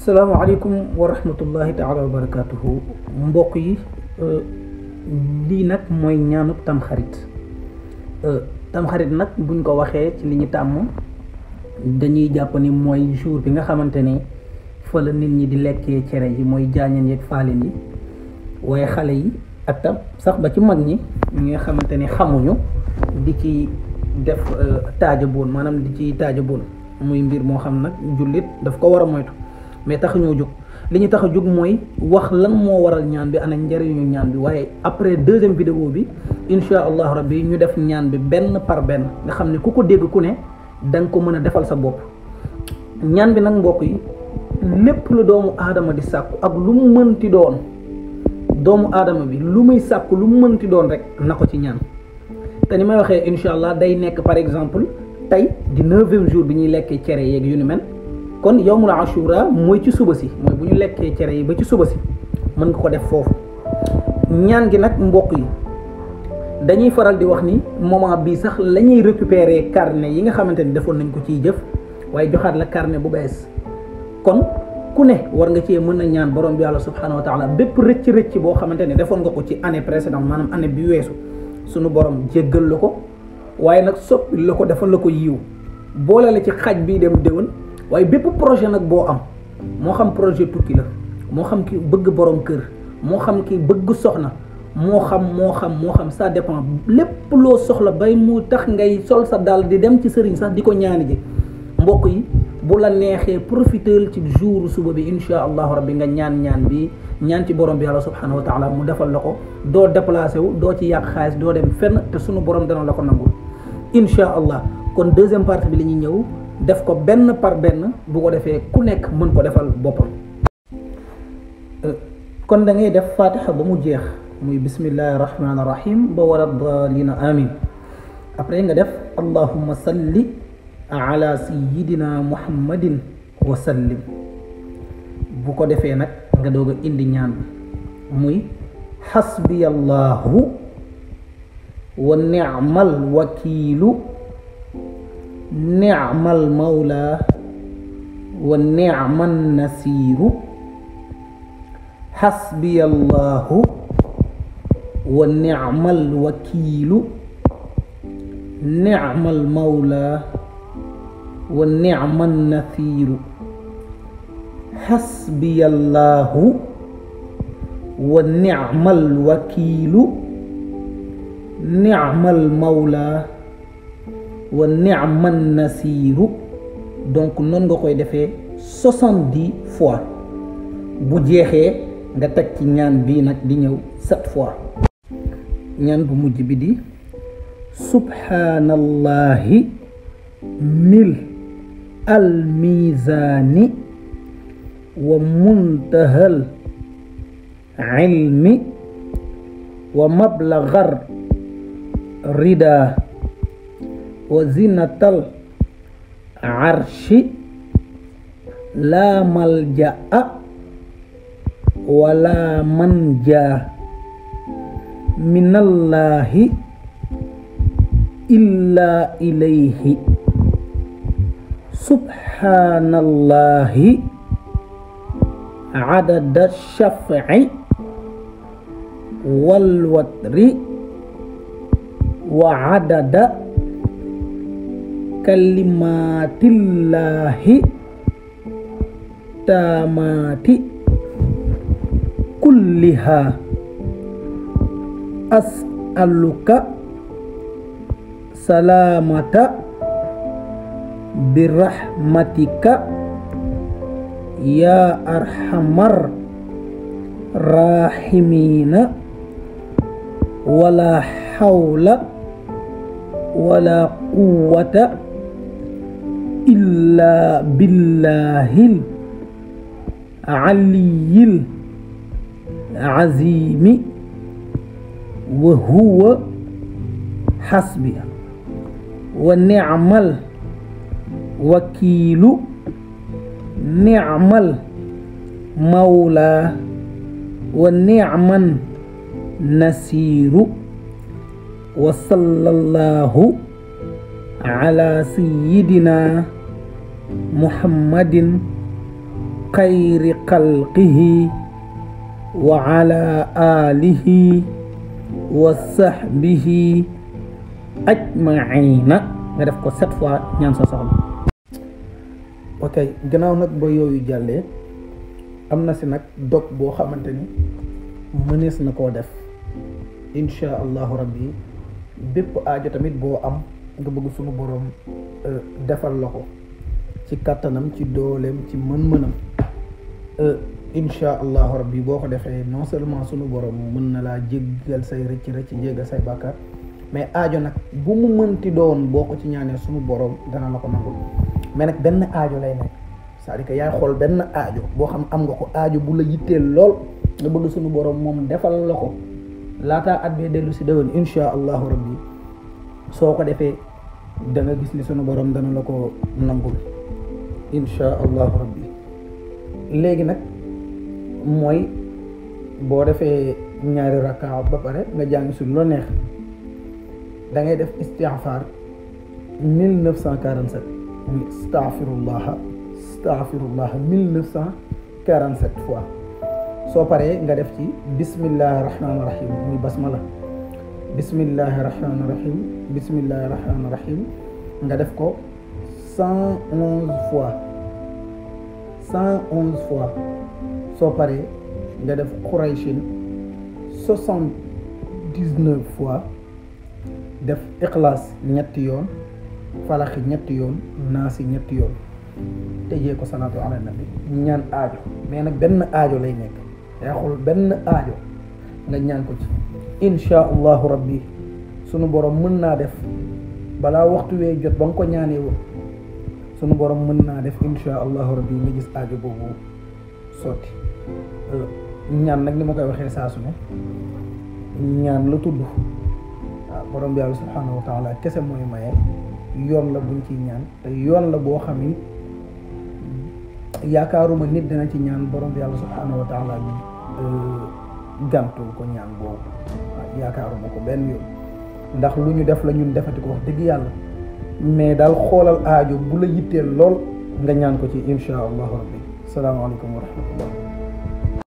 السلام عليكم ورحمة الله تعالى وبركاته مبقي أه، لينك موي نيانو تام خريط أه، تام خريط نك بون كو واخي تي لي ني تام دانيي جاباني موي جور بيغا خامتاني فلا نيت ني دي ليكي تيري موي جانين يك فالين وي خالي يي اك تام صاح با تي ماغ ني ميغا تاجبون مانام دي تي تاجبون موي مبير مو خام نك جوليت داف mais tax ñoo jóg li ñu tax a jóg mooy wax lan moo waral ñaan bi ana njëriñu ñaan bi waaye après deuxième vidéo bi insha allah rabbi ñu def ñaan bi benn par ben. nga xam ne ku ko dégg ku ne da ko mën a defal sa bopp ñaan bi nag mbokk yi lépp lu doomu aadama di sàkku ak lu mu mënti doon doomu aadama bi lu muy sàkku lu mu mënti doon rek na ko ci ñaan te ni may waxee insha allah day nekk par exemple tey di neuvième jour bi ñuy lekkee cere yeeg yu ni mel kon yowmul ashura moy ci suba si moy buñu lekke lekkee cere yi ba ci suba si man nga ko def fofu ñaan gi nak mbokk yi dañuy faral di wax ni moment bi sax lañuy récupérer carnet yi nga xamanteni ni defoon nañ ko ci jëf waaye joxat la carnet bu bes kon ku ne war nga ci mëna ñaan borom bi allah subhanahu wa taala bépp rëcc rëcc bo xamanteni ne defoon nga ko ci année précédente manam année bi sunu borom jéggal lako waye nak nag soppi la defal la yiw boole la ci xaj bi dem déwén waaye bépp projet nag boo am moo xam projet tukki la moo xam ki bëgg borom kër moo xam ki bëgg soxna moo xam moo xam moo xam ça dépend lépp loo soxla bay mu tax ngay sol sa dal di dem ci sëriñ sax di ko ñaani ji mbokk yi bu la neexee profitel ci jour suba bi insha allahu rabbi nga ñaan ñaan bi ñaan ci borom bi yàlla subhanahu wa taala mu defal la ko doo déplacé wu doo ci yàq xaalis doo dem fenn te sunu borom dana la ko nangul insha allah kon deuxième partie bi ñuy ñëw def ko benn par benn bu ko defee ku nekk mën ko defal boppam euh, kon dangay def fatiha ba mu jeex muy bismillahi rahmaani rahim ba wala daalina amin après nga def allahumma salli ala sayidina muhammadin wa sallim bu ko defee nag nga doog a indi ñaan bi muy xasbiyallahu wa ni'mal wakiilu نعم المولى والنعم النصير حسبي الله ونعم الوكيل نعم المولى ونعم النثير حسبي الله ونعم الوكيل نعم المولى wa ni'man nasiru donc non nga koy defé 70 fois bu jexé nga tek ci ñaan bi nak di ñew 7 fois ñaan bu mujj bi di subhanallahi mil al mizani wa muntahal ilmi wa mablaghar rida وزينة العرش لا ملجأ ولا منجا من الله إلا إليه سبحان الله عدد الشفع والوتر وعدد كلمات الله التامات كلها أسألك سلامة برحمتك يا أرحم الراحمين ولا حول ولا قوة إلا بالله العلي العظيم وهو حسبي ونعم الوكيل نعم المولى ونعم النسير وصلى الله عليه ala sayidina muhammadin xayri xalqihi wa ala alihi wa sahbihi ajmaina nga def ko sept fois ñaan sa soxla ok gannaaw nag ba yooyu jàllee am na si nag dog boo xamante ni mënees na koo def incha allahu rabbi bépp aajo tamit boo am nga bëgg suñu borom euh, defal la ko ci kàttanam ci dooleem ci mën-mënam euh, incha allahu rabbi boo ko defee non seulement suñu borom mën na laa jéggal say rëcc rëcc jéggal say bàkkaar mais ajo nag bu mu mënti doon boo ko ci ñaanee suñu borom dana la ko nangul mais nag benn ajo lay nekk cest à que yaay xool benn aajo boo xam am nga ko aajo bu la yitteel lool nga bëgg suñu borom moom defal la ko laataa at bee dellu si déwén incha allahu rabbi soo ko defee da gis ni sunu borom dana la ko nangul insha allahu rabbi léegi nag mooy boo defee ñaari rakka ba pare nga jàng su lu neex da ngay def istighfar mille neuf cent quarante sept muy mille neuf cent fois soo paree nga def ci bismillah rahmaani rahim muy basmala بسم الله الرحمن الرحيم بسم الله الرحمن الرحيم nga def ko 111 fois 111 fois so paré nga def quraishin 79 fois def ikhlas ñett yoon falakh ñett yoon nasi ñett yoon tejé ko salaatu ala nabi ñaan aajo mais nak benn aajo lay nekk yaa xool benn aajo. nga ñaan ko ci insha allah rabbi sunu borom mën naa def balaa waxtu wee jot ba nga ko ñaanee woon sunu borom mën naa def insha allah rabbi nga gis aajo boobu sotti euh, ñaan nag ni ma koy waxee saa su ne ñaan la tudd borom bi yàlla subhanahu wa taala kese mooy maye yoon la buñ ci ñaan te yoon la boo xam ni yaakaaruma nit dana ci ñaan borom bi yàlla subhanahu wa taala gàntul ko ñaan boobu waaw yaakaaruma ko benn yoon ndax lu ñu def la ñun defati ko wax dëgg yàlla mais daal xoolal aajo bu la yitteel lool nga ñaan ko ci incha allahu rabbi salaamaaleykum wa rahmatullah